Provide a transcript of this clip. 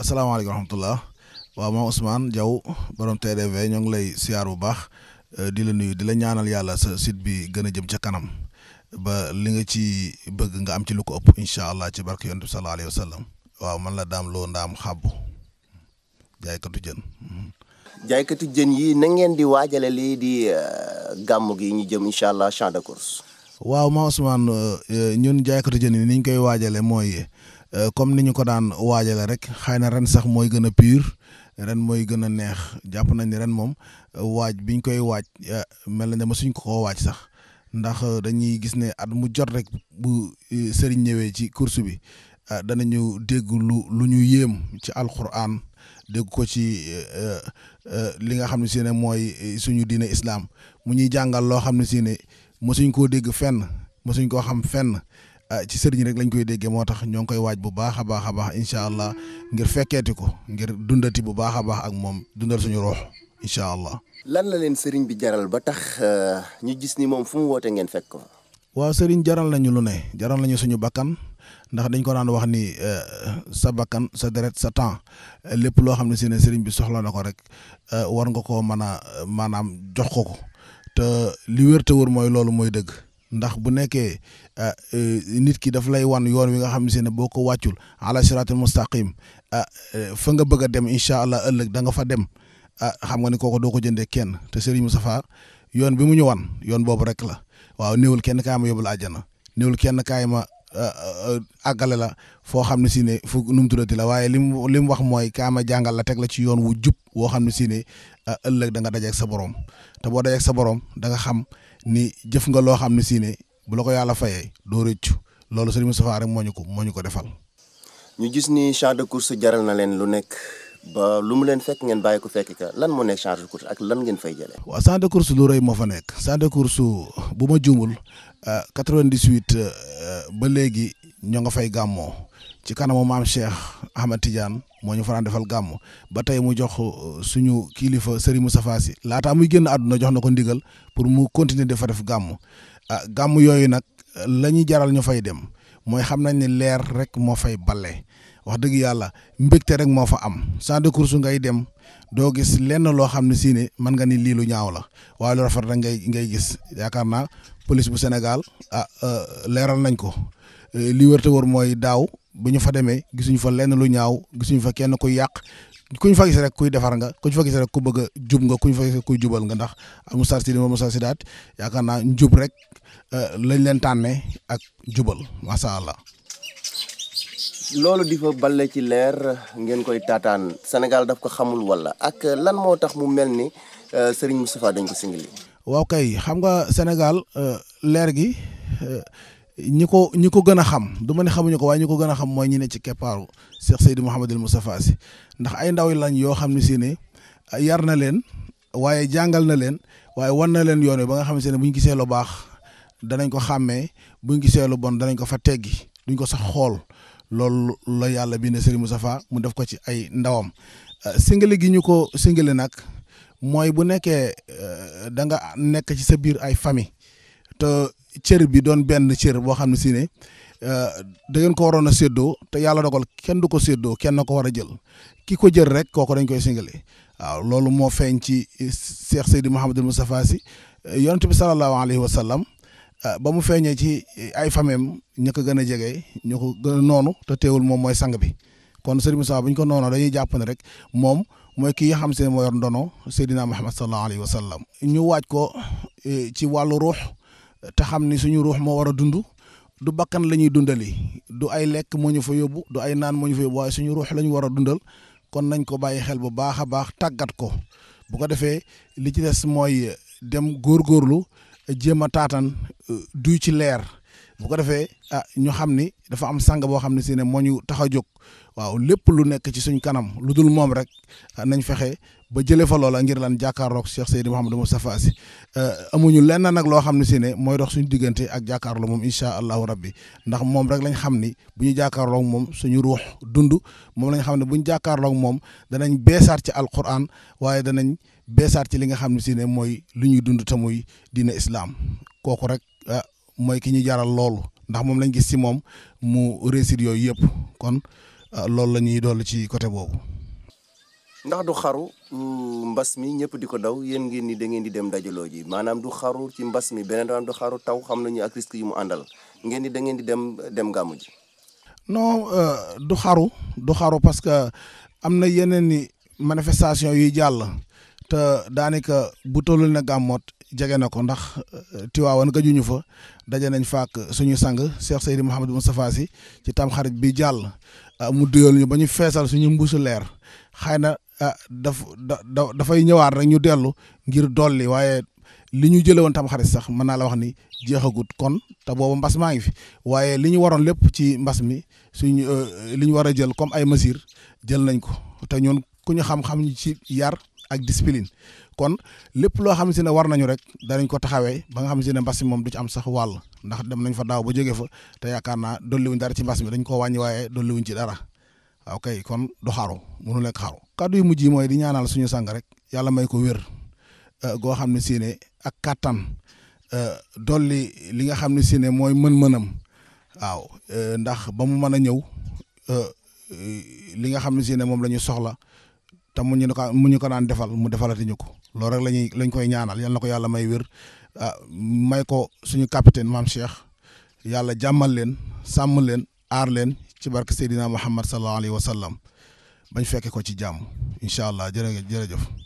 asalaamaaleykum wa rahmatulah waaw moom Ousmane Diaw borom TDV ñoo ngi lay siyaar bu baax euh, di la nuyu di la ñaanal yàlla sa site bi gën a jëm ca kanam ba li nga ci bëgg nga am ci lu ko ëpp incha allah ci barke yonent bi sallallahu alayhi wa waaw man la daam loo ndaam xàbbu jaaykatu jën. jaaykatu jën yi na ngeen di waajale lii di euh, gàmm gi ñu jëm incha allah champ de course. waaw ma Ousmane euh, ñun jaaykatu jën yi niñ koy waajale mooy euh, comme ni ñu ko daan waajale rek xëy na ren sax mooy gën a pur ren mooy gën a neex jàpp nañ ni ren moom waaj biñ koy waaj euh, mel na ne mosuñ ko waaj sax ndax dañuy gis ne at mu jot rek bu sëriñ ñëwee ci course bi danañu dégg lu lu ñu yéem ci alquran dégg ko ci li nga xam ne si ne mooy suñu diine islaam mu ñuy jàngal loo xam ne si mosuñ koo dégg fenn mosuñ koo xam fenn ah, ci sëriñ rek lañ koy déggee moo tax ñoo ngi koy waaj bu baax a baax a incha allah ngir fekkeeti ko ngir dundati bu baax a baax ak moom dundal suñu ruux incha allah. lan la leen sëriñ bi jaral ba tax ah, ñu gis ni moom fu mu wootee ngeen fekk ko. waaw sëriñ jaral nañu lu ne jaral nañu suñu bakkan ndax dañ ko daan wax ni eh, sa bakkan sa deret sa temps lépp loo xam ne si ne sëriñ bi soxla na ko rek eh, war nga koo mën a maanaam jox ko ko. te li wér wur mooy loolu mooy dëgg ndax bu nekkee ah, eh, nit ki daf lay wan yoon wi nga xam ne boo ko wàccul ala siraatul mustaqim ah eh, fa nga bëgg dem incha allah ëllëg danga fa dem a ah, xam nga ni kooko doo ko jëndee kenn te Serigne Moustapha yoon bi mu ñëw wan yoon boobu rek la waaw néewul kenn kaay ma yóbbul àjjana néewul kenn kaay ma Euh, euh, àggale la foo xam ne si ne fu nu mu tuddati la waaye li mu li mu wax mooy kaama jàngal la teg la ci yoon wu jub woo xam ne si ne euh, ëllëg danga nga dajeeg sa borom te boo dajeeg sa borom da nga xam ni jëf nga loo xam ne si ne bu la ko yàlla fayee doo rëcc loolu sëriñ Moustapha rek moo ñu ko moo ñu ko defal. ñu gis ni champ course jaral na leen lu nekk. ba lu mu leen fekk ngeen bàyyi ku fekk ka lan moo nekk charge de course ak lan fay jëlee. waaw champ de course lu rëy moo fa nekk champ de course bu ma juumul 98 euh, euh, ba léegi ñoo nga fay gàmmoo ci kanamu maam Cheikh Ahmed Tidiane moo ñu faraan defal gàmm ba tey mu jox euh, suñu kilifa mu Moustapha si laataa muy génn àdduna jox na ko ndigal pour mu continuer dafa def gàmm ah gàmm yooyu nag la jaral ñu fay dem mooy xam nañ ne leer rek moo fay bale wax dëgg yàlla mbégte rek moo fa am champ de course ngay dem doo gis lenn loo xam ne si ne mën nga ni lii lu ñaaw la waaye lu rafet rek ngay ngay gis yaakaar naa police bu Sénégal ah euh, leeral nañ ko euh, li wër te wër mooy daaw bu ñu fa demee gisuñ fa lenn lu ñaaw gisuñ fa kenn kuy yàq kuñ fa gis rek kuy defar nga kuñ fa gis rek ku bëgg jub nga kuñ fa gis rek kuy jubal nga ndax Moustar Sidi moom Moustar Sidaat yaakaar naa njub rek euh, lañ leen tànnee ak jubal macha allah. loolu di fa balle ci leer ngeen koy taataan senegal daf ko xamul wala ak lan moo tax mu mel ni euh, Serigne Moustapha dañ ko singili waaw kay xam nga Sénégal euh, leer gi euh, ñi ko ñi ko gën a xam du ma ne xamuñu ko waaye ñi ko gën a xam mooy ñi ne ci keppaaru Cheikh Seydou Mouhamadul Moustapha si ndax ay ndaw lañ yoo xam ne si ne yar na leen waaye jàngal na leen waaye wan na leen yoon wi ba nga xam ne bu ñu gisee lu baax danañ ko xàmmee bu gisee lu bon danañ ko fa teggi duñ ko sax xool loolu la yàlla bi ne Serigne Moustapha mu def ko ci ay ndawam euh, singale gi ñu ko singale nag mooy bu nekkee euh, da nga nekk ci sa biir ay famille te cër bi doon benn cër boo xam ne si ne euh, da ngeen ko waroon a séddoo te yàlla dogal kenn du ko séddoo kenn ko war a jël ki ko jël rek kooku dañ koy singale waaw loolu moo feeñ ci Cheikh Seydi Mouhamadou Moustapha Sy yonent bi sallallahu alayhi wa sallam Euh, ba mu feeñee ci ay famem ñu ko gën a jege ñu ko gën a noonu te teewul moom mooy sang bi kon sëriñ Moussa bu ñu ko noonoo dañuy jàpp rek moom mooy kii xam se ne moo yor ndono Seydina Muhammad sallallahu alayhi wa sallam ñu waaj ko e, ci wàllu ruux te xam ni suñu ruux moo war a dund du bakkan la ñuy dundali du ay lekk mooñu ñu fa yóbbu du ay naan moo ñu fa yóbbu waaye suñu ruux la ñu war a dundal kon nañ ko bàyyi xel bu baax a baax tàggat ko bu ko defee li ci des mooy dem góor góorlu jéem a taataan euh, duy ci leer bu ko defee ah ñu xam ni dafa am sang boo xam ne si ne moo ñu tax a jóg waaw lépp lu nekk ci suñ kanam lu dul moom rek ah, nañ fexe ba jëlee fa loola ngir lan jàkkaarloog Cheikh Seydi Mouhamadou Moustapha Sy eh, amuñu lenn nag loo xam ne si ne mooy dox suñu diggante ak jàkkaarloo moom incha allahu rabbi ndax moom rek lañ xam ni bu ñu jàkkaarloog moom suñu ruux dund moom lañ xam ne bu ñu jàkkaarloog moom danañ beesaat ci alquran waaye danañ beesaat li nga xam ne si ne mooy lu ñuy dund ta muy diine islaam kooku rek ah, mooy ki ñu jaral loolu ndax moom lañ gis si moom mu réussir yooyu yëpp kon euh, loolu la ñuy dolli ci côté boobu. ndax du xaru mm, mbas mi ñëpp di ko daw yéen ngeen ni da ngeen di dem dajaloo ji maanaam du xaru ci mbas mi beneen daan du xaru taw xam nañu ak risque yi mu àndal ngeen ni da ngeen di dem dem gàmmu ji. non euh, du xaru du xaru parce que am na yeneen i manifestation yuy jàll. te daanaka bu tollul ne gàmmoot jege na ko ndax euh, Tiwaawan gëjuñu fa daje nañ faak suñu sang Cheikh Seydi Mouhamadou Moustapha Sy ci tam xarit bi jàll euh, mu duyool ñu ba ñu feesal suñu mbuusu leer xëy na euh, daf da dafay ñëwaat rek ñu dellu ngir dolli waaye li ñu jëlee woon tam sax mën naa la wax ni jeexagut kon te boobu mbas maa ngi fi waaye li ñu waroon lépp ci mbas mi suñu li ñu war a jël comme ay mesures jël nañ ko te ñun ku ñu xam-xam ci yar ak discipline kon lépp loo xam si ne war nañu rek danañ ko taxawee ba nga xam si ne mbas mi moom du ci am sax wàll ndax dem nañ fa daaw ba jóge fa te yaakaar naa dolliwuñ dara ci mbas mi dañ koo wàññi waaye dolliwuñ ci dara ok kon du xaru mënu lekk xaru kàddu yi mujj yi mooy di ñaanal suñu sang rek yàlla may ko wér e, goo xam ne siine ak kattan e, dolli li nga xam ne si mooy mën-mënam waaw e, ndax ba mu mën a ñëw li nga xam ne si moom la ñu soxla te mu ñu ko mu ñu ko naan defal mu defalati ñu ko loolu rek lañuy lañ koy ñaanal yal ko yàlla may wér ah, may ko suñu capitaine maam Cheikh yàlla jàmmal leen sàmm leen aar leen ci barke Seydina Muhammad sallallahu alayhi wa sallam bañ fekke ko ci jàmm incha allah jërë jërëjëf